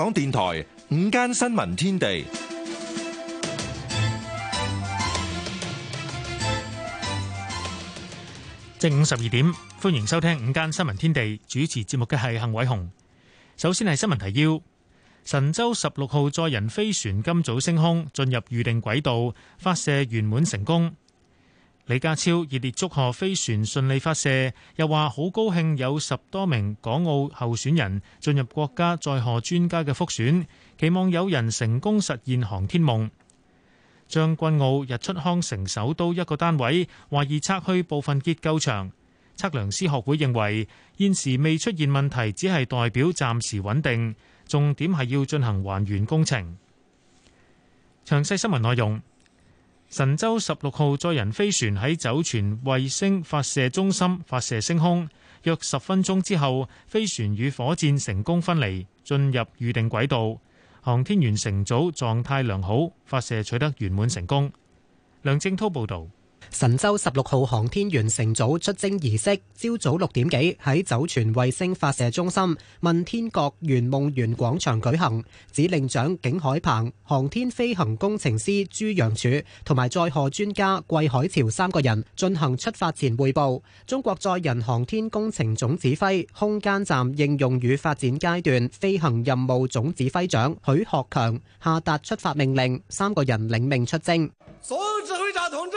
港電台午間新聞天地，正午十二點，歡迎收聽午間新聞天地。主持節目嘅係幸偉雄。首先係新聞提要：神舟十六號載人飛船今早升空，進入預定軌道，發射圓滿成功。李家超熱烈祝賀飛船順利發射，又話好高興有十多名港澳候選人進入國家載荷專家嘅複選，期望有人成功實現航天夢，將軍澳日出康城首都一個單位，懷疑拆去部分結構牆，測量師學會認為現時未出現問題，只係代表暫時穩定，重點係要進行還原工程。詳細新聞內容。神舟十六號載人飛船喺酒泉衛星發射中心發射升空，約十分鐘之後，飛船與火箭成功分離，進入預定軌道，航天員乘組狀態良好，發射取得圓滿成功。梁正濤報道。神舟十六號航天員乘組出征儀式，朝早六點幾喺酒泉衛星發射中心問天閣圓夢園廣場舉行。指令長景海鵬、航天飛行工程師朱楊柱同埋載荷專家桂海潮三個人進行出發前匯報。中國載人航天工程總指揮、空間站應用與發展階段飛行任務總指揮長許學強下達出發命令，三個人領命出征。總指揮長同志。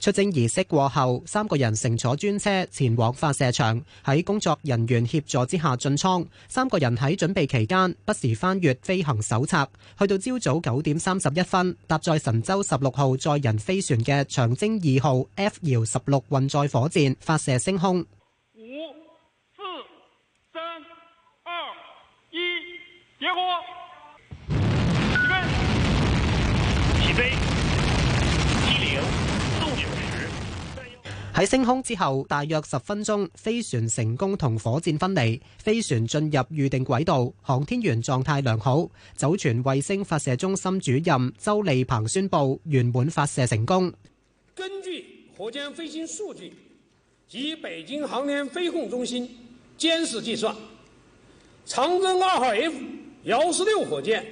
出征儀式過後，三個人乘坐專車前往發射場，喺工作人員協助之下進艙。三個人喺準備期間不時翻閱飛行手冊。去到朝早九點三十一分，搭載神舟十六號載人飛船嘅長征二號 F 遙十六運載火箭發射升空。五、四、三、二、一，點火！準備，起飛！喺升空之後，大約十分鐘，飛船成功同火箭分離，飛船進入預定軌道，航天員狀態良好。酒泉衛星發射中心主任周利鵬宣布，圓滿發射成功。根據火箭飛行數據及北京航天飛控中心監視計算，長征二號 F 幺四六火箭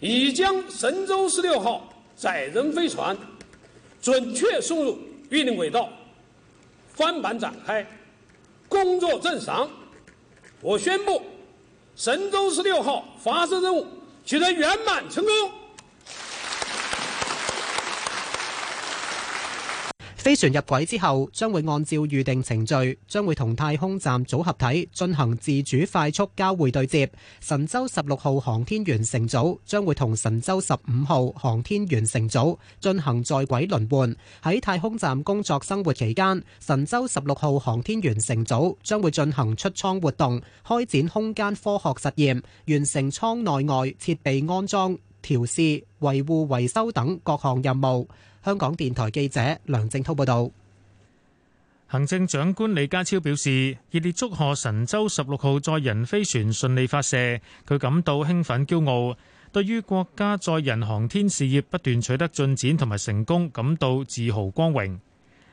已將神舟十六號載人飛船準確送入預定軌道，帆板展開，工作正常，我宣布，神舟十六號發射任務取得圓滿成功。飛船入軌之後，將會按照預定程序，將會同太空站組合體進行自主快速交會對接。神舟十六號航天員乘組將會同神舟十五號航天員乘組進行在軌輪換。喺太空站工作生活期間，神舟十六號航天員乘組將會進行出艙活動，開展空間科學實驗，完成艙內外設備安裝、調試、維護、維修等各項任務。香港電台記者梁靜濤報道，行政長官李家超表示熱烈祝賀神舟十六號載人飛船順利發射，佢感到興奮驕傲，對於國家載人航天事業不斷取得進展同埋成功感到自豪光榮。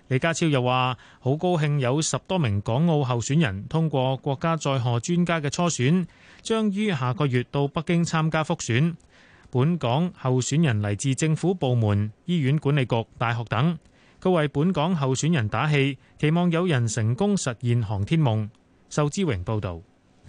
李家超又話，好高興有十多名港澳候選人通過國家載荷專家嘅初選，將於下個月到北京參加複選。本港候選人嚟自政府部門、醫院管理局、大學等，佢為本港候選人打氣，期望有人成功實現航天夢。壽之榮報導。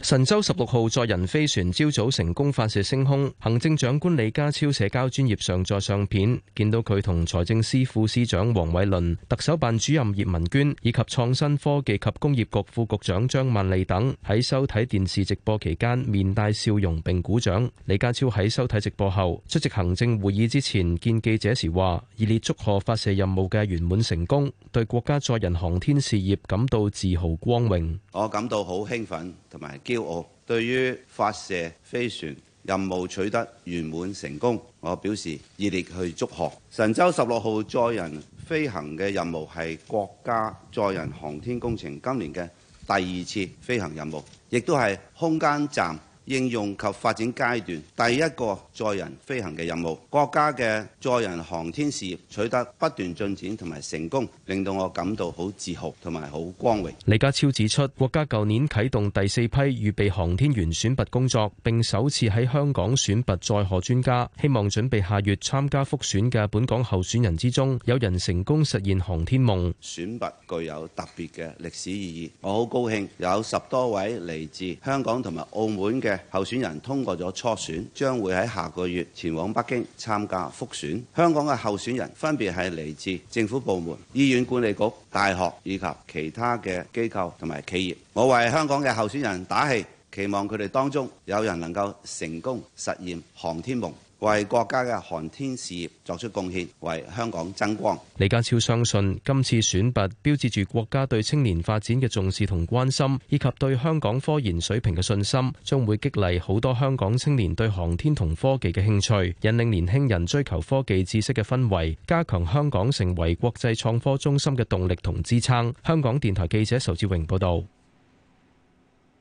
神舟十六號載人飛船朝早成功發射升空，行政長官李家超社交專頁上載相片，見到佢同財政司副司長黃偉綸、特首辦主任葉文娟以及創新科技及工業局副局長張曼莉等喺收睇電視直播期間面帶笑容並鼓掌。李家超喺收睇直播後出席行政會議之前見記者時話：熱烈祝賀發射任務嘅圓滿成功，對國家載人航天事業感到自豪光榮。我感到好興奮，同埋。驕傲，對於發射飛船任務取得圓滿成功，我表示熱烈去祝賀。神舟十六號載人飛行嘅任務係國家載人航天工程今年嘅第二次飛行任務，亦都係空間站。應用及發展階段，第一個載人飛行嘅任務，國家嘅載人航天事業取得不斷進展同埋成功，令到我感到好自豪同埋好光榮。李家超指出，國家舊年啟動第四批預備航天員選拔工作，並首次喺香港選拔載荷專家。希望準備下月參加複選嘅本港候選人之中，有人成功實現航天夢。選拔具有特別嘅歷史意義，我好高興有十多位嚟自香港同埋澳門嘅。嘅候選人通過咗初選，將會喺下個月前往北京參加複選。香港嘅候選人分別係嚟自政府部門、醫院管理局、大學以及其他嘅機構同埋企業，我為香港嘅候選人打氣，期望佢哋當中有人能夠成功實現航天夢，為國家嘅航天事業作出貢獻，為香港增光。李家超相信，今次選拔標誌住國家對青年發展嘅重視同關心，以及對香港科研水平嘅信心，將會激勵好多香港青年對航天同科技嘅興趣，引領年輕人追求科技知識嘅氛圍，加強香港成為國際創科中心嘅動力同支撐。香港電台記者仇志榮報道。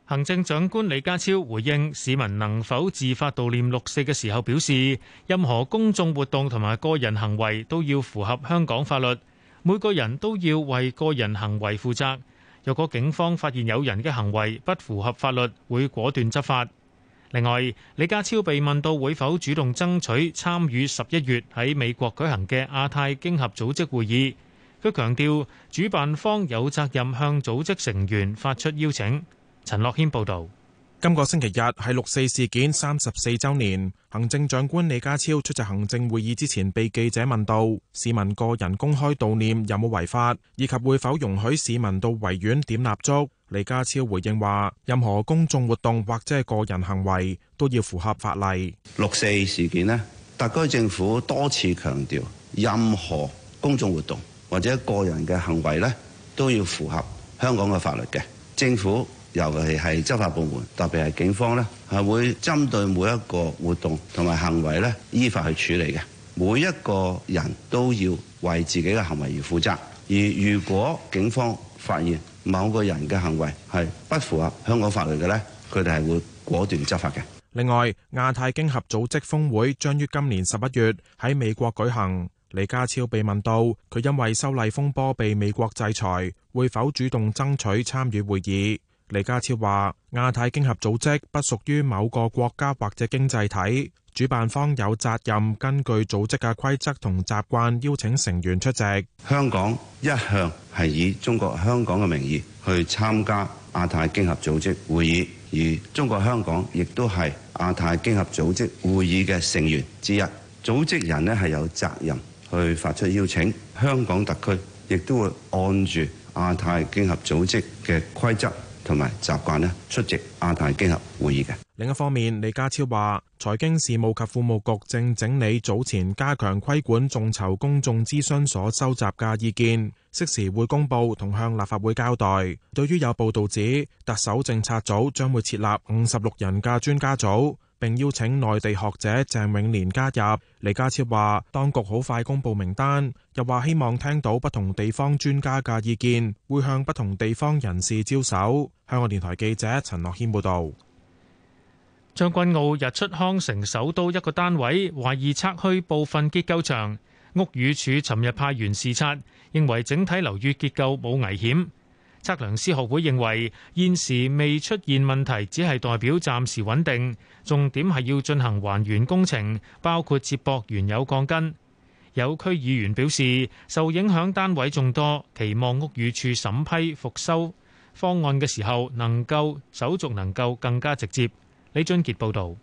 行政長官李家超回應市民能否自發悼念六四嘅時候，表示任何公眾活動同埋個人行為都要符合香港法律，每個人都要為個人行為負責。若果警方發現有人嘅行為不符合法律，會果斷執法。另外，李家超被問到會否主動爭取參與十一月喺美國舉行嘅亞太經合組織會議，佢強調主辦方有責任向組織成員發出邀請。陳樂軒報道，今個星期日係六四事件三十四周年。行政長官李家超出席行政會議之前，被記者問到市民個人公開悼念有冇違法，以及會否容許市民到維園點蠟燭。李家超回應話，任何公眾活動或者係個人行為都要符合法例。六四事件呢，特區政府多次強調，任何公眾活動或者個人嘅行為呢，都要符合香港嘅法律嘅政府。尤其係執法部門，特別係警方咧，係會針對每一個活動同埋行為咧，依法去處理嘅。每一個人都要為自己嘅行為而負責。而如果警方發現某個人嘅行為係不符合香港法律嘅咧，佢哋係會果斷執法嘅。另外，亞太經合組織峰會將於今年十一月喺美國舉行。李家超被問到，佢因為修例風波被美國制裁，會否主動爭取參與會議？李家超話：亞太經合組織不屬於某個國家或者經濟體，主辦方有責任根據組織嘅規則同習慣邀請成員出席。香港一向係以中國香港嘅名義去參加亞太經合組織會議，而中國香港亦都係亞太經合組織會議嘅成員之一。組織人呢係有責任去發出邀請，香港特區亦都會按住亞太經合組織嘅規則。同埋習慣咧，出席亞太經合會議嘅。另一方面，李家超話，財經事務及庫務局正整理早前加強規管眾籌公眾諮詢所收集嘅意見。適時會公布同向立法會交代。對於有報道指特首政策組將會設立五十六人嘅專家組，並邀請內地學者鄭永年加入，李家超話當局好快公布名單，又話希望聽到不同地方專家嘅意見，會向不同地方人士招手。香港電台記者陳樂謙報道。將軍澳日出康城首都一個單位懷疑拆虛部分結構牆。屋宇署尋日派員視察，認為整體樓宇結構冇危險。測量師學會認為現時未出現問題，只係代表暫時穩定。重點係要進行還原工程，包括接駁原有鋼筋。有區議員表示，受影響單位眾多，期望屋宇署審批復修方案嘅時候能夠，能夠手續能夠更加直接。李俊傑報導。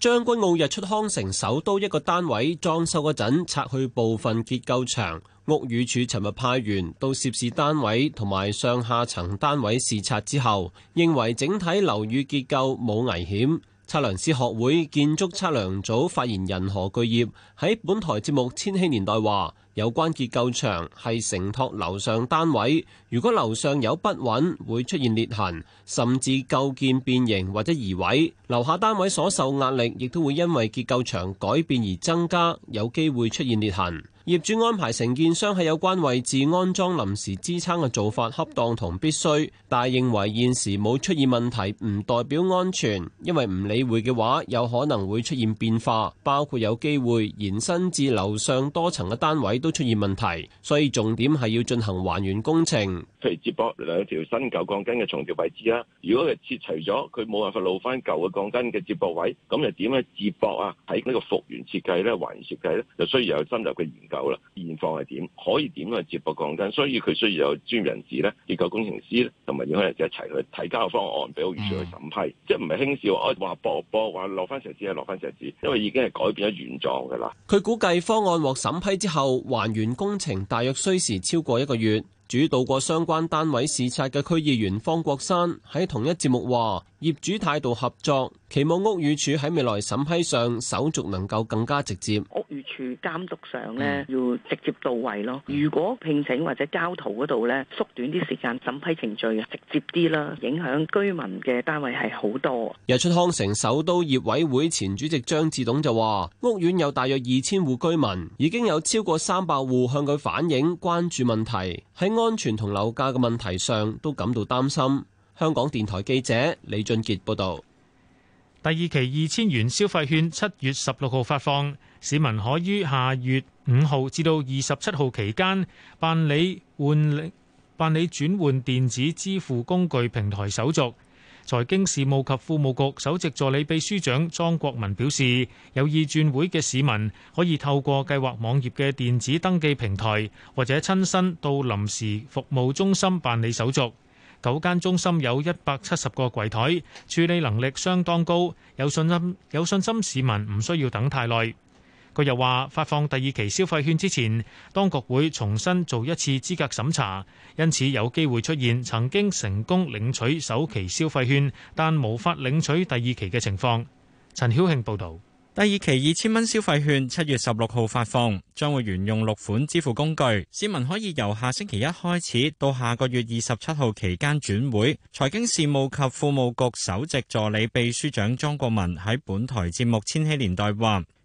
將軍澳日出康城首都一個單位裝修嗰陣拆去部分結構牆，屋宇署尋日派員到涉事單位同埋上下層單位視察之後，認為整體樓宇結構冇危險。測量師學會建築測量組發言人何巨業喺本台節目《千禧年代》話。有關結構牆係承托樓上單位，如果樓上有不穩，會出現裂痕，甚至構建變形或者移位，樓下單位所受壓力亦都會因為結構牆改變而增加，有機會出現裂痕。業主安排承建商喺有關位置安裝臨時支撐嘅做法恰當同必須，但係認為現時冇出現問題唔代表安全，因為唔理會嘅話有可能會出現變化，包括有機會延伸至樓上多層嘅單位都出現問題，所以重點係要進行還原工程，譬如接駁兩條新舊鋼筋嘅重疊位置啦。如果佢切除咗，佢冇辦法露翻舊嘅鋼筋嘅接駁位，咁又點樣接駁啊？喺呢個復原設計咧、還原設計咧，就需要有深入嘅研究。有啦，現況係點，可以點去接駁鋼筋，所以佢需要有專業人士咧，結構工程師同埋認可人士一齊去提交方案俾屋宇署去審批，即係唔係輕笑我話博博話落翻石屎係落翻石屎，因為已經係改變咗原狀嘅啦。佢估計方案獲審批之後，還原工程大約需時超過一個月。主導過相關單位視察嘅區議員方國山喺同一節目話：業主態度合作。期望屋宇署喺未來審批上手續能夠更加直接，屋宇署監督上呢，要直接到位咯。如果聘請或者交圖嗰度呢，縮短啲時間，審批程序直接啲啦，影響居民嘅單位係好多。日出康城首都業委會前主席張志棟就話，屋苑有大約二千戶居民，已經有超過三百戶向佢反映，關注問題喺安全同樓價嘅問題上都感到擔心。香港電台記者李俊杰報道。第二期二千元消費券七月十六號發放，市民可於下月五號至到二十七號期間辦理換領、辦理轉換電子支付工具平台手續。財經事務及庫務局首席助理秘書長莊國文表示，有意轉會嘅市民可以透過計劃網頁嘅電子登記平台，或者親身到臨時服務中心辦理手續。九間中心有一百七十個櫃枱，處理能力相當高，有信心有信心市民唔需要等太耐。佢又話，發放第二期消費券之前，當局會重新做一次資格審查，因此有機會出現曾經成功領取首期消費券，但無法領取第二期嘅情況。陳曉慶報導。第二期二千蚊消費券七月十六號發放，將會沿用六款支付工具，市民可以由下星期一開始到下個月二十七號期間轉會。財經事務及庫務局首席助理秘書長莊國文喺本台節目《千禧年代》話。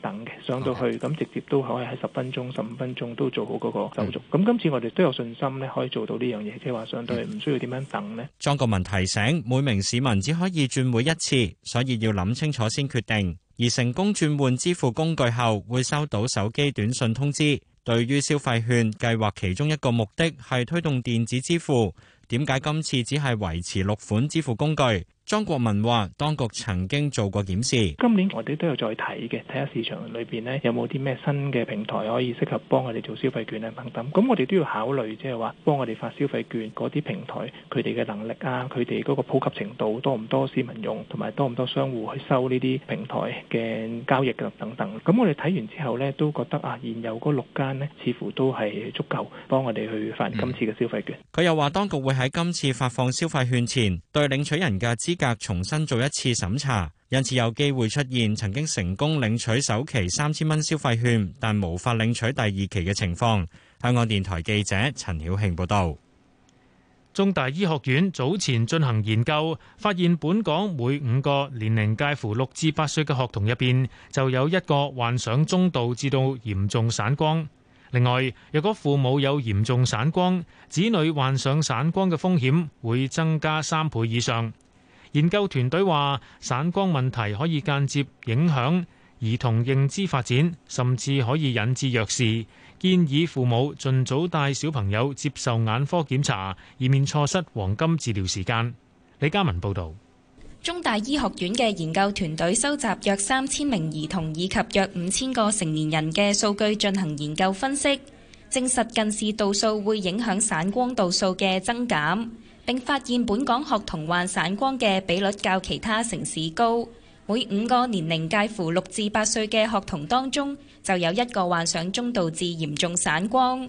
等嘅上到去咁直接都可以喺十分鐘、十五分鐘都做好嗰個手續。咁今次我哋都有信心咧，可以做到呢樣嘢，即係話相對唔需要點樣等咧。莊國文提醒每名市民只可以轉會一次，所以要諗清楚先決定。而成功轉換支付工具後，會收到手機短信通知。對於消費券計劃，其中一個目的係推動電子支付。點解今次只係維持六款支付工具？張國文話：當局曾經做過檢視，今年我哋都有再睇嘅，睇下市場裏邊呢有冇啲咩新嘅平台可以適合幫我哋做消費券啊，等等。咁我哋都要考慮，即係話幫我哋發消費券嗰啲平台，佢哋嘅能力啊，佢哋嗰個普及程度多唔多市民用，同埋多唔多商戶去收呢啲平台嘅交易等等。咁我哋睇完之後呢，都覺得啊，現有嗰六間呢，似乎都係足夠幫我哋去發今次嘅消費券。佢、嗯、又話，當局會喺今次發放消費券前，對領取人嘅資格重新做一次審查，因此有機會出現曾經成功領取首期三千蚊消費券，但無法領取第二期嘅情況。香港電台記者陳曉慶報道。中大醫學院早前進行研究，發現本港每五個年齡介乎六至八歲嘅學童入邊就有一個患上中度至到嚴重散光。另外，若果父母有嚴重散光，子女患上散光嘅風險會增加三倍以上。研究團隊話，散光問題可以間接影響兒童認知發展，甚至可以引致弱視。建議父母盡早帶小朋友接受眼科檢查，以免錯失黃金治療時間。李家文報導，中大醫學院嘅研究團隊收集約三千名兒童以及約五千個成年人嘅數據進行研究分析，證實近視度數會影響散光度數嘅增減。並發現本港學童患散光嘅比率較其他城市高，每五個年齡介乎六至八歲嘅學童當中就有一個患上中度至嚴重散光。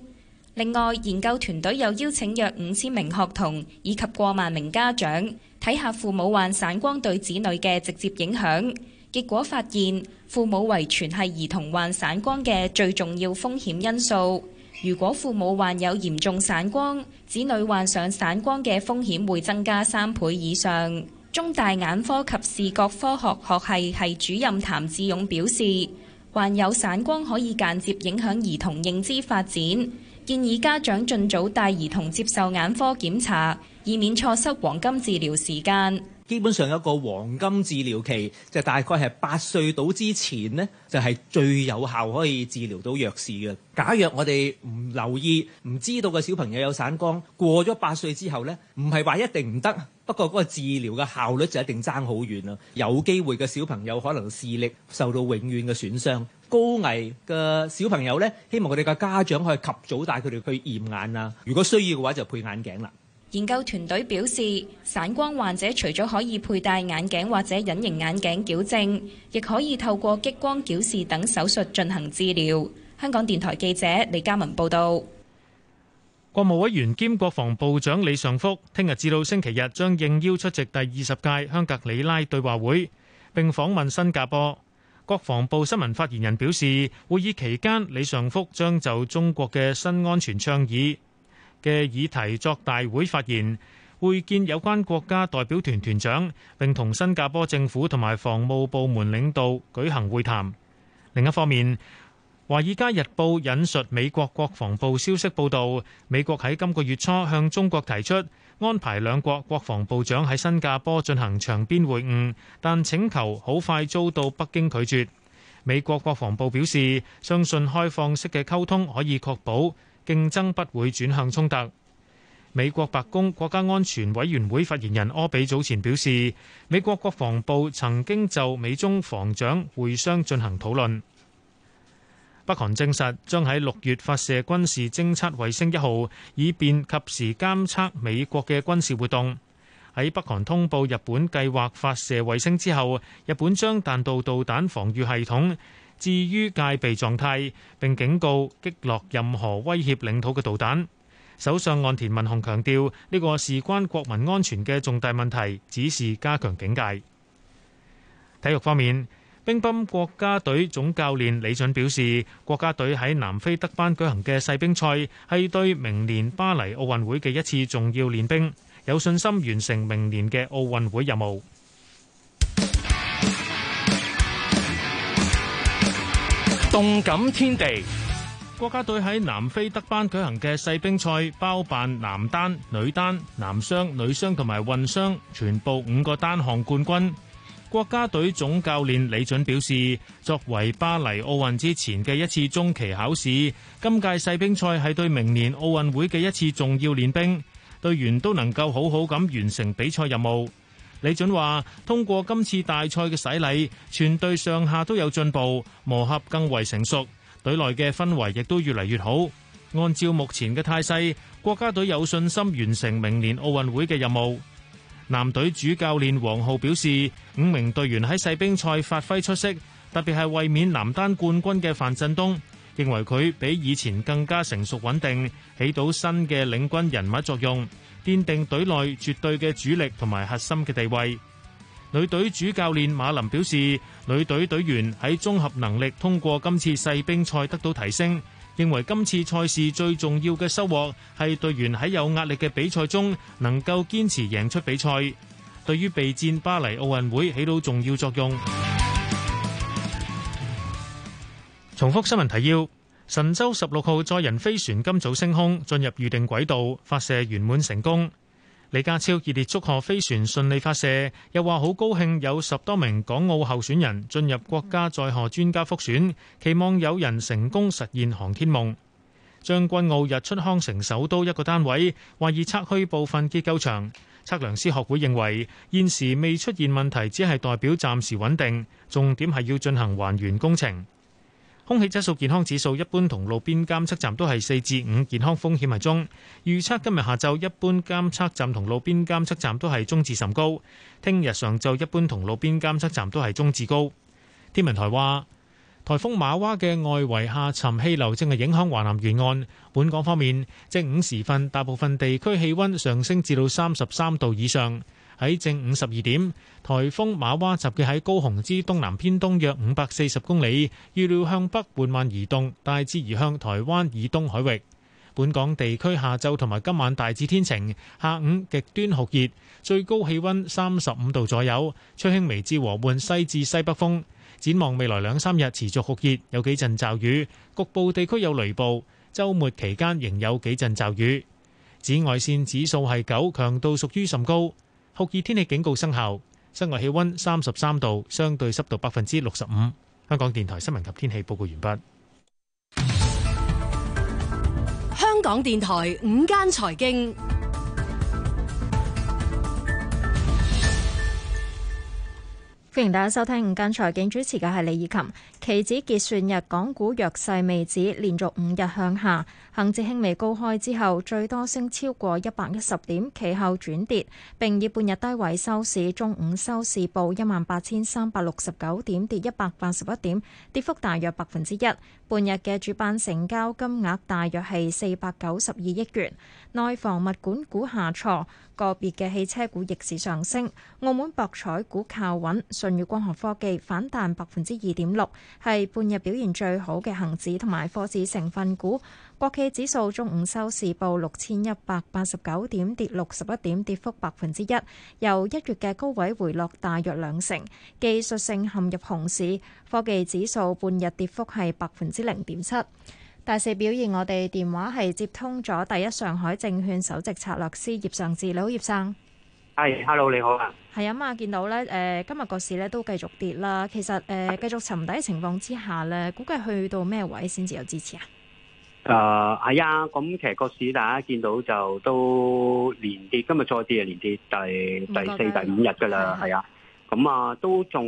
另外，研究團隊又邀請約五千名學童以及過萬名家長，睇下父母患散光對子女嘅直接影響。結果發現，父母遺傳係兒童患散光嘅最重要風險因素。如果父母患有嚴重散光，子女患上散光嘅風險會增加三倍以上。中大眼科及視覺科學學系系主任譚志勇表示，患有散光可以間接影響兒童認知發展，建議家長盡早帶兒童接受眼科檢查，以免錯失黃金治療時間。基本上有個黃金治療期，就是、大概係八歲到之前呢，就係、是、最有效可以治療到弱視嘅。假若我哋唔留意、唔知道嘅小朋友有散光，過咗八歲之後呢，唔係話一定唔得，不過嗰個治療嘅效率就一定爭好遠啦。有機會嘅小朋友可能視力受到永遠嘅損傷。高危嘅小朋友呢，希望佢哋嘅家長可以及早帶佢哋去驗眼啊。如果需要嘅話，就配眼鏡啦。研究團隊表示，散光患者除咗可以佩戴眼鏡或者隱形眼鏡矯正，亦可以透過激光矯視等手術進行治療。香港電台記者李嘉文報道。國務委員兼國防部長李尚福聽日至到星期日將應邀出席第二十屆香格里拉對話會，並訪問新加坡。國防部新聞發言人表示，會議期間李尚福將就中國嘅新安全倡議。嘅議題作大會發言，會見有關國家代表團團長，並同新加坡政府同埋防務部門領導舉行會談。另一方面，《華爾街日報》引述美國國防部消息報道，美國喺今個月初向中國提出安排兩國國防部長喺新加坡進行場邊會晤，但請求好快遭到北京拒絕。美國國防部表示，相信開放式嘅溝通可以確保。競爭不會轉向衝突。美國白宮國家安全委員會發言人柯比早前表示，美國國防部曾經就美中防長會商進行討論。北韓證實將喺六月發射軍事偵測衛星一號，以便及時監測美國嘅軍事活動。喺北韓通報日本計劃發射衛星之後，日本將彈道導彈防禦系統。至於戒備狀態，並警告擊落任何威脅領土嘅導彈。首相岸田文雄強調，呢、這個事關國民安全嘅重大問題，只是加強警戒。體育方面，乒乓國家隊總教練李準表示，國家隊喺南非德班舉行嘅世乒賽係對明年巴黎奧運會嘅一次重要練兵，有信心完成明年嘅奧運會任務。動感天地，國家隊喺南非德班舉行嘅世乒賽包辦男單、女單、男雙、女雙同埋混雙全部五個單項冠軍。國家隊總教練李隼表示，作為巴黎奧運之前嘅一次中期考試，今屆世乒賽係對明年奧運會嘅一次重要練兵，隊員都能夠好好咁完成比賽任務。李准話：通過今次大賽嘅洗禮，全隊上下都有進步，磨合更為成熟，隊內嘅氛圍亦都越嚟越好。按照目前嘅態勢，國家隊有信心完成明年奧運會嘅任務。男隊主教練王浩表示，五名隊員喺世乒賽發揮出色，特別係衛冕男單冠軍嘅樊振東。認為佢比以前更加成熟穩定，起到新嘅領軍人物作用，奠定隊內絕對嘅主力同埋核心嘅地位。女隊主教練馬林表示，女隊隊員喺綜合能力通過今次世乒賽得到提升，認為今次賽事最重要嘅收穫係隊員喺有壓力嘅比賽中能夠堅持贏出比賽，對於備戰巴黎奧運會起到重要作用。重複新聞提要：神舟十六號載人飛船今早升空，進入預定軌道，發射圓滿成功。李家超熱烈祝賀飛船順利發射，又話好高興有十多名港澳候選人進入國家載荷專家複選，期望有人成功實現航天夢。將軍澳日出康城首都一個單位，懷疑拆去部分結構牆，測量師學會認為現時未出現問題，只係代表暫時穩定，重點係要進行還原工程。空氣質素健康指數，一般同路邊監測站都係四至五，健康風險係中。預測今日下晝一般監測站同路邊監測站都係中至甚高。聽日上晝一般同路邊監測站都係中至高。天文台話，颱風馬娃嘅外圍下沉氣流正係影響華南沿岸。本港方面，正午時分，大部分地區氣温上升至到三十三度以上。喺正午十二點，颱風馬娃集結喺高雄之東南偏東約五百四十公里，預料向北緩慢移動，大致移向台灣以東海域。本港地區下晝同埋今晚大致天晴，下午極端酷熱，最高氣温三十五度左右，吹輕微至和緩西至西北風。展望未來兩三日持續酷熱，有幾陣驟雨，局部地區有雷暴。週末期間仍有幾陣驟雨。紫外線指數係九，強度屬於甚高。酷熱天氣警告生效，室外氣溫三十三度，相對濕度百分之六十五。嗯、香港電台新聞及天氣報告完畢。香港電台午間財經，歡迎大家收聽午間財經，主持嘅係李以琴。期指結算日，港股弱勢未止，連續五日向下。恆指輕微高開之後，最多升超過一百一十點，其後轉跌並以半日低位收市。中午收市報一萬八千三百六十九點，跌一百八十一點，跌幅大約百分之一。半日嘅主板成交金額大約係四百九十二億元。內房物管股下挫，個別嘅汽車股逆市上升。澳門博彩股靠穩，舜宇光學科技反彈百分之二點六。係半日表現最好嘅恒指同埋科指成分股，國企指數中午收市報六千一百八十九點，跌六十一點，跌幅百分之一，由一月嘅高位回落大約兩成，技術性陷入熊市。科技指數半日跌幅係百分之零點七。大市表現，我哋電話係接通咗第一上海證券首席策略師葉尚志，你好，葉生。係，hello，你好啊。係啊嘛，見到咧，誒、呃，今日個市咧都繼續跌啦。其實，誒、呃，繼續沉底情況之下咧，估計去到咩位先至有支持啊？誒、uh, 哎，係、嗯、啊，咁其實個市大家見到就都連跌，今日再跌就連跌第第四第五日噶啦，係啊。咁啊的，都仲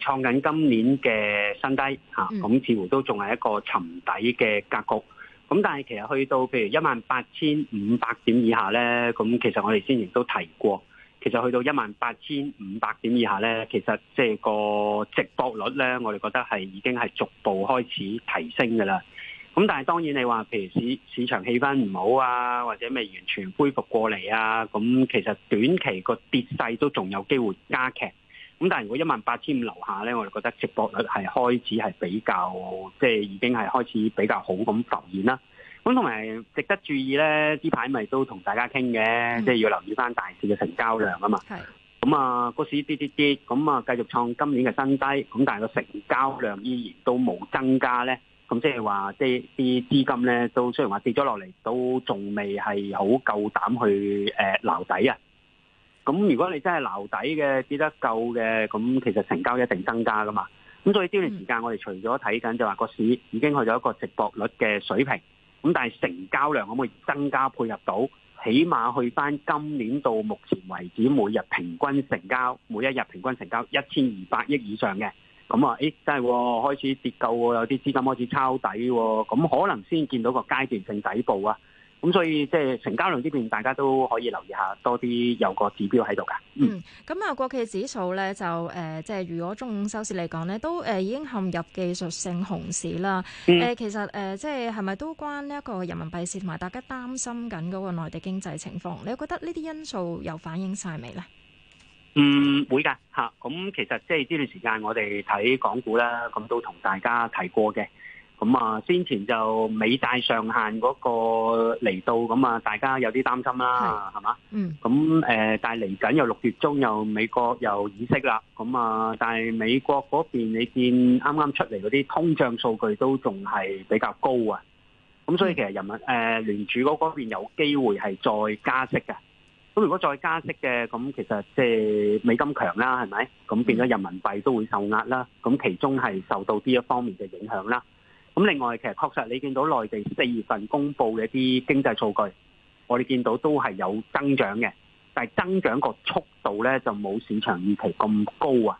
創緊今年嘅新低吓，咁、嗯嗯嗯、似乎都仲係一個沉底嘅格局。咁但係其實去到譬如一萬八千五百點以下咧，咁其實我哋先前都提過，其實去到一萬八千五百點以下咧，其實即係個值博率咧，我哋覺得係已經係逐步開始提升嘅啦。咁但係當然你話譬如市市場氣氛唔好啊，或者未完全恢復過嚟啊，咁其實短期個跌勢都仲有機會加劇。咁但係如果一萬八千五樓下咧，我哋覺得直播率係開始係比較即係已經係開始比較好咁浮現啦。咁同埋值得注意咧，呢排咪都同大家傾嘅，嗯、即係要留意返大市嘅成交量啊嘛。係的。咁啊、嗯，個市跌跌跌，咁、嗯、啊繼續創今年嘅新低。咁但係個成交量依然都冇增加咧。咁即係話，即係啲資金咧都雖然話跌咗落嚟，都仲未係好夠膽去誒撈底啊。咁如果你真係留底嘅，跌得夠嘅，咁其實成交一定增加㗎嘛。咁所以呢段時間，我哋除咗睇緊，就話個市已經去咗一個值博率嘅水平。咁但係成交量可唔可以增加配合到？起碼去返今年到目前為止，每日平均成交，每一日平均成交一千二百億以上嘅。咁啊，咦，真係開始跌夠喎，有啲資金開始抄底喎。咁可能先見到個階段性底部啊！咁所以即係成交量呢邊，大家都可以留意下多啲，有個指標喺度噶。嗯，咁啊，國企指數咧就誒、呃，即係如果中午收市嚟講咧，都誒已經陷入技術性熊市啦。誒、嗯，其實誒、呃，即係係咪都關呢一個人民幣市同埋大家擔心緊嗰個內地經濟情況？你覺得呢啲因素有反映晒未咧？嗯，會噶吓。咁其實即係呢段時間，我哋睇港股啦，咁都同大家提過嘅。咁啊，先前就美債上限嗰個嚟到，咁啊，大家有啲擔心啦，係嘛是？吧嗯。咁誒，但係嚟緊又六月中又美國又議息啦，咁啊，但係美國嗰邊你見啱啱出嚟嗰啲通脹數據都仲係比較高啊，咁是所以其實人民誒、嗯呃、聯儲局嗰邊有機會係再加息嘅。咁如果再加息嘅，咁其實即係美金強啦，係咪？咁變咗人民幣都會受壓啦。咁其中係受到呢一方面嘅影響啦。咁另外，其實確實你見到內地四月份公布嘅一啲經濟數據，我哋見到都係有增長嘅，但係增長個速度咧就冇市場預期咁高啊。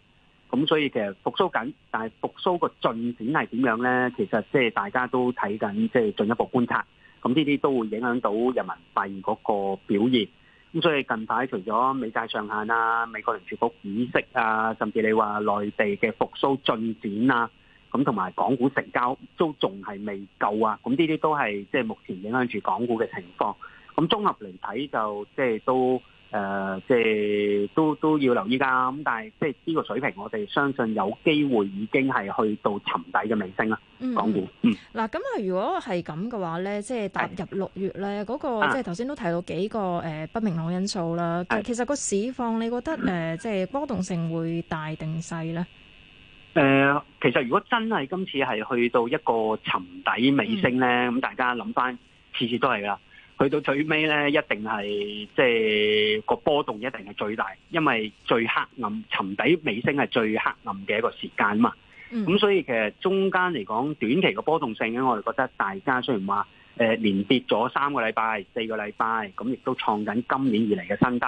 咁所以其實復甦緊，但係復甦個進展係點樣咧？其實即係大家都睇緊，即係進一步觀察。咁呢啲都會影響到人民幣嗰個表現。咁所以近排除咗美債上限啊、美國聯儲局議息啊，甚至你話內地嘅復甦進展啊。咁同埋港股成交都仲係未夠啊！咁呢啲都係即係目前影響住港股嘅情況。咁綜合嚟睇就即係、呃、都誒，即係都都要留意噶。咁但係即係呢個水平，我哋相信有機會已經係去到沉底嘅尾聲啦。嗯、港股，嗱、嗯，咁啊，如果係咁嘅話咧，即、就、係、是、踏入六月咧，嗰的、那個即係頭先都提到幾個誒不明朗因素啦。誒的，其實個市況，你覺得誒即係波動性會大定細咧？誒、呃，其實如果真係今次係去到一個沉底尾聲呢，咁、嗯、大家諗翻，次次都係噶，去到最尾呢，一定係即係個波動一定係最大，因為最黑暗沉底尾聲係最黑暗嘅一個時間啊嘛。咁、嗯、所以其實中間嚟講，短期個波動性呢，我哋覺得大家雖然話誒連跌咗三個禮拜、四個禮拜，咁亦都創緊今年以嚟嘅新低，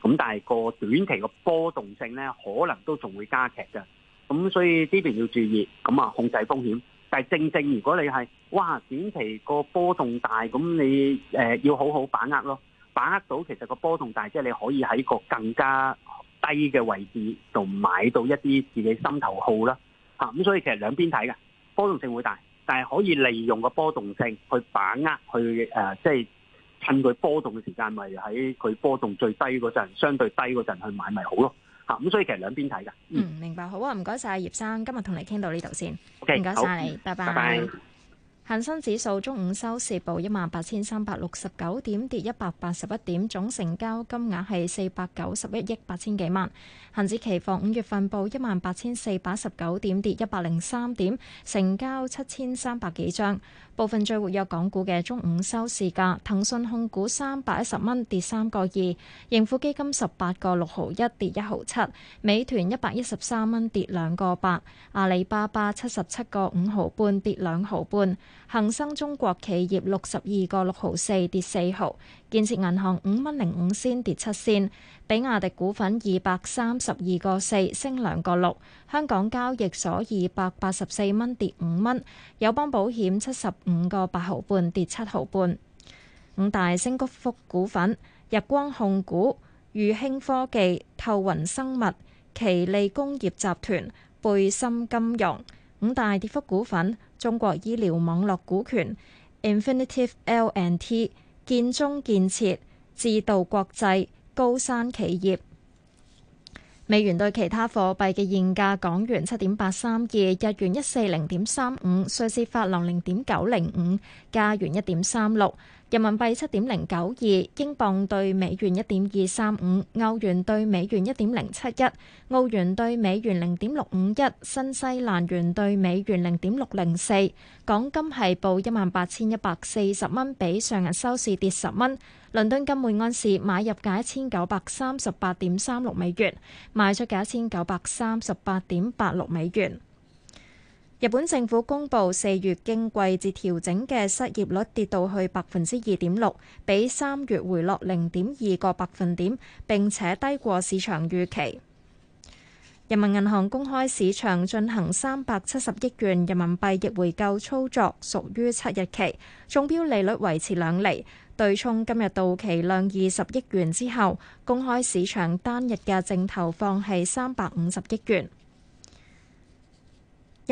咁但係個短期個波動性呢，可能都仲會加劇噶。咁所以呢邊要注意，咁啊控制風險。但正正如果你係哇短期個波動大，咁你誒要好好把握咯，把握到其實個波動大，即係你可以喺個更加低嘅位置度買到一啲自己心頭好啦。嚇咁所以其實兩邊睇嘅波動性會大，但係可以利用個波動性去把握，去誒即係趁佢波動嘅時間，咪喺佢波動最低嗰陣，相對低嗰陣去買咪好咯。咁所以其實兩邊睇㗎。嗯，嗯，明白。好啊，唔該晒葉生，今日同你傾到呢度先。OK，唔該晒你，好拜拜。拜拜拜拜。恒生指數中午收市報一萬八千三百六十九點，跌一百八十一點，總成交金額係四百九十一億八千幾萬。恒指期貨五月份報一萬八千四百十九點，跌一百零三點，成交七千三百幾張。部分最活躍港股嘅中午收市價：騰訊控股三百一十蚊，跌三個二；盈富基金十八個六毫一，跌一毫七；美團一百一十三蚊，跌兩個八；阿里巴巴七十七個五毫半，跌兩毫半。恒生中國企業六十二個六毫四跌四毫，建設銀行五蚊零五仙跌七仙，比亞迪股份二百三十二個四升兩個六，香港交易所二百八十四蚊跌五蚊，友邦保險七十五個八毫半跌七毫半。五大升幅股份：日光控股、裕興科技、透雲生物、奇利工業集團、貝森金融。五大跌幅股份。中國醫療網絡股權、Infinitive L and T 建建、建中建設、智道國際、高山企業。美元對其他貨幣嘅現價：港元七點八三二，日元一四零點三五，瑞士法郎零點九零五，加元一點三六。人民幣七點零九二，英鎊兌美元一點二三五，歐元兌美元一點零七一，澳元兌美元零點六五一，新西蘭元兌美元零點六零四。港金係報一萬八千一百四十蚊，比上日收市跌十蚊。倫敦金每安士買入價一千九百三十八點三六美元，賣出價一千九百三十八點八六美元。日本政府公布四月經季節調整嘅失業率跌到去百分之二點六，比三月回落零點二個百分點，並且低過市場預期。人民銀行公開市場進行三百七十億元人民幣逆回購操作，屬於七日期，中標利率維持兩厘。對沖今日到期量二十億元之後，公開市場單日嘅淨投放係三百五十億元。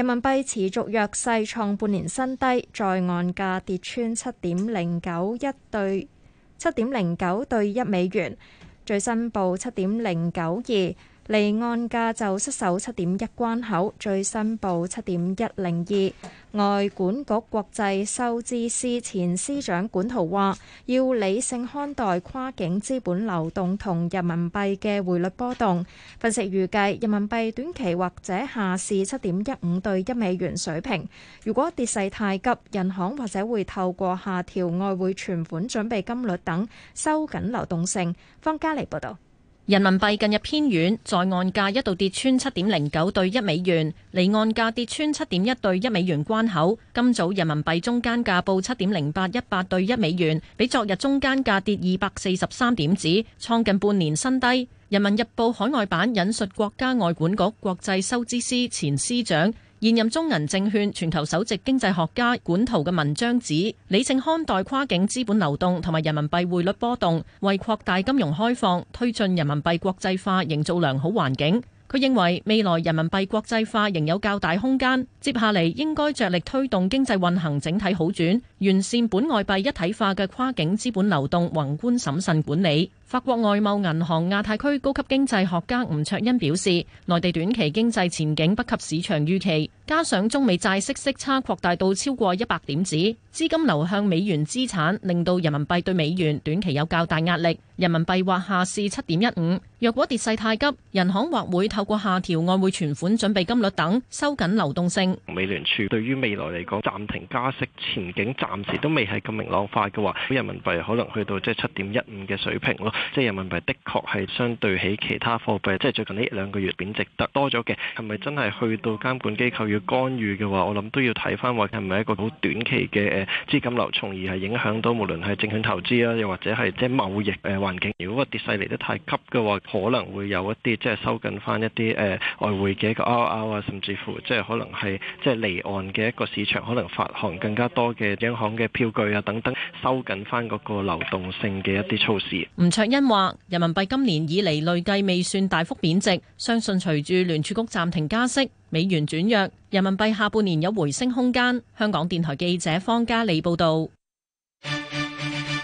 人民幣持續弱勢，創半年新低，在岸價跌穿七點零九一對，七點零九對一美元，最新報七點零九二。離岸價就失守七點一關口，最新報七點一零二。外管局國際收支司前司長管濤話：要理性看待跨境資本流動同人民幣嘅匯率波動。分析預計人民幣短期或者下試七點一五對一美元水平。如果跌勢太急，人行或者會透過下調外匯存款準備金率等收緊流動性。方家莉報導。人民幣近日偏軟，在岸價一度跌穿七點零九對一美元，離岸價跌穿七點一對一美元關口。今早人民幣中間價報七點零八一八對一美元，比昨日中間價跌二百四十三點子，創近半年新低。《人民日報》海外版引述國家外管局國際收支司前司長。現任中銀證券全球首席經濟學家管濤嘅文章指，理性看待跨境資本流動同埋人民幣匯率波動，為擴大金融開放、推進人民幣國際化營造良好環境。佢認為未來人民幣國際化仍有較大空間，接下嚟應該着力推動經濟運行整體好轉，完善本外幣一體化嘅跨境資本流動宏觀審慎管理。法國外貿銀行亞太區高級經濟學家吳卓恩表示，內地短期經濟前景不及市場預期，加上中美債息息差擴大到超過一百點子，資金流向美元資產，令到人民幣對美元短期有較大壓力。人民幣或下試七點一五。若果跌勢太急，人行或會透過下調外匯存款準備金率等收緊流動性。美聯儲對於未來嚟講，暫停加息前景暫時都未係咁明朗化嘅話，人民幣可能去到即係七點一五嘅水平咯。即係人民幣的確係相對起其他貨幣，即係最近呢兩個月貶值得多咗嘅，係咪真係去到監管機構要干預嘅話，我諗都要睇翻話係咪一個好短期嘅誒資金流，從而係影響到無論係證券投資啦，又或者係即係貿易誒環境。如果個跌勢嚟得太急嘅話，可能會有一啲即係收緊翻一啲誒外匯嘅一個 RRR 啊，甚至乎即係可能係即係離岸嘅一個市場，可能發行更加多嘅央行嘅票據啊等等，收緊翻嗰個流動性嘅一啲措施。因話人民幣今年以嚟累計未算大幅貶值，相信隨住聯儲局暫停加息，美元轉弱，人民幣下半年有回升空間。香港電台記者方嘉利報道。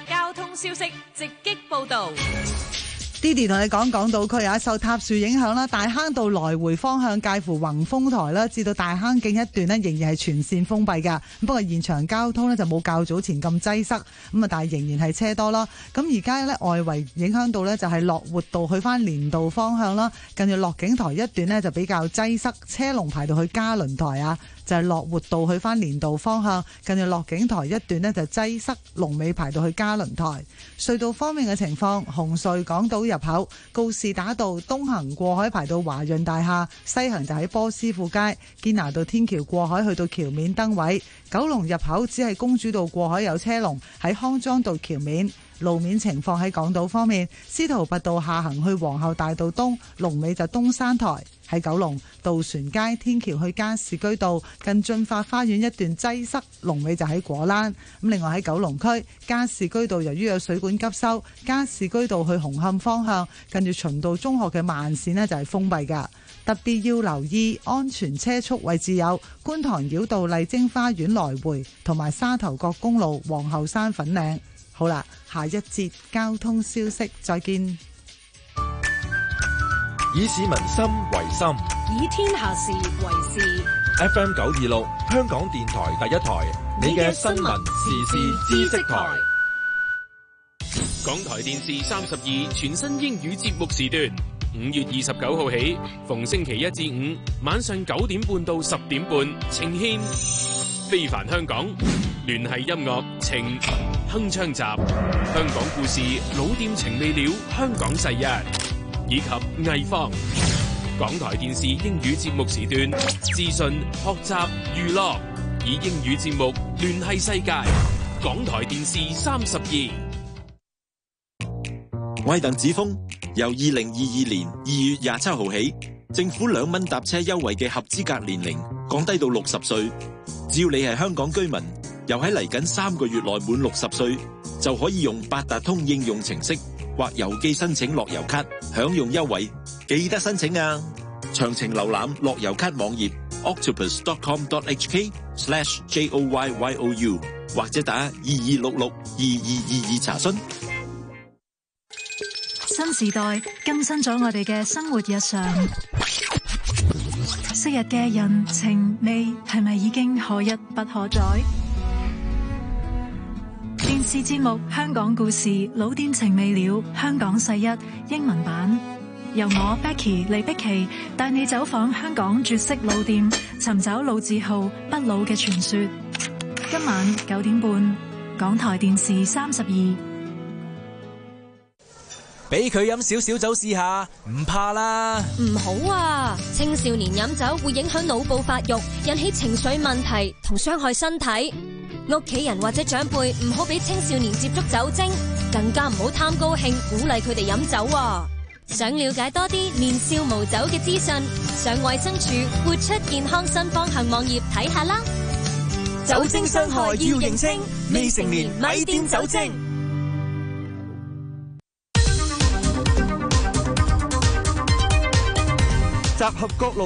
交通消息直擊報道。Didi 同你講，港島區啊，受塌樹影響啦，大坑道來回方向介乎宏豐台啦，至到大坑徑一段咧，仍然係全線封閉噶。不過現場交通咧就冇較早前咁擠塞，咁啊，但係仍然係車多咯。咁而家呢，外圍影響到呢就係樂活道去翻連道方向啦，近住樂景台一段呢，就比較擠塞，車龍排到去嘉倫台啊。就係落活道去翻連道方向，近住落景台一段呢，就擠塞，龍尾排到去嘉倫台隧道方面嘅情況，紅隧港島入口告士打道東行過海排到華潤大廈，西行就喺波斯富街堅拿道天橋過海去到橋面燈位，九龍入口只係公主道過海有車龍喺康莊道橋面路面情況喺港島方面，司徒拔道下行去皇后大道東龍尾就東山台。喺九龍渡船街天橋去加士居道近駿發花園一段擠塞，龍尾就喺果欄。咁另外喺九龍區加士居道由於有水管急修，加士居道去紅磡方向近住循道中學嘅慢線呢就係封閉噶。特別要留意安全車速位置有觀塘繞道麗晶花園來回同埋沙頭角公路皇后山粉嶺。好啦，下一節交通消息再見。以市民心為心，以天下事為事。FM 九二六，香港電台第一台，你嘅新聞時事知識台。港台電視三十二全新英語節目時段，五月二十九號起，逢星期一至五晚上九點半到十點半，呈現非凡香港。聯繫音樂，晴鏗鏘集。香港故事，老店情未了，香港世日。以及藝方，港台電視英語節目時段，資訊、學習、娛樂，以英語節目聯繫世界。港台電視三十二，我係鄧子峰。由二零二二年二月廿七號起，政府兩蚊搭車優惠嘅合資格年齡降低到六十歲。只要你係香港居民，又喺嚟緊三個月內滿六十歲，就可以用八達通應用程式。或郵寄申請樂悠咭，享用優惠，記得申請啊！詳情瀏覽樂悠咭網頁 octopus.com.hk/slash/joyyou，或者打二二六六二二二二查詢。新時代更新咗我哋嘅生活日常，昔日嘅人情味係咪已經可一不可再？電視節目《香港故事》老店情未了，香港世一英文版，由我 Becky 李碧琪帶你走訪香港絕色老店，尋找老字號不老嘅傳說。今晚九點半，港台電視三十二。俾佢飲少少酒試下，唔怕啦。唔好啊，青少年飲酒會影響腦部發育，引起情緒問題同傷害身體。屋企人或者長輩唔好俾青少年接觸酒精，更加唔好貪高興鼓勵佢哋飲酒。想了解多啲年少無酒嘅資訊，上衛生署活出健康新方向網頁睇下啦。看看酒精傷害要認清，未成年咪掂酒精。集合各路。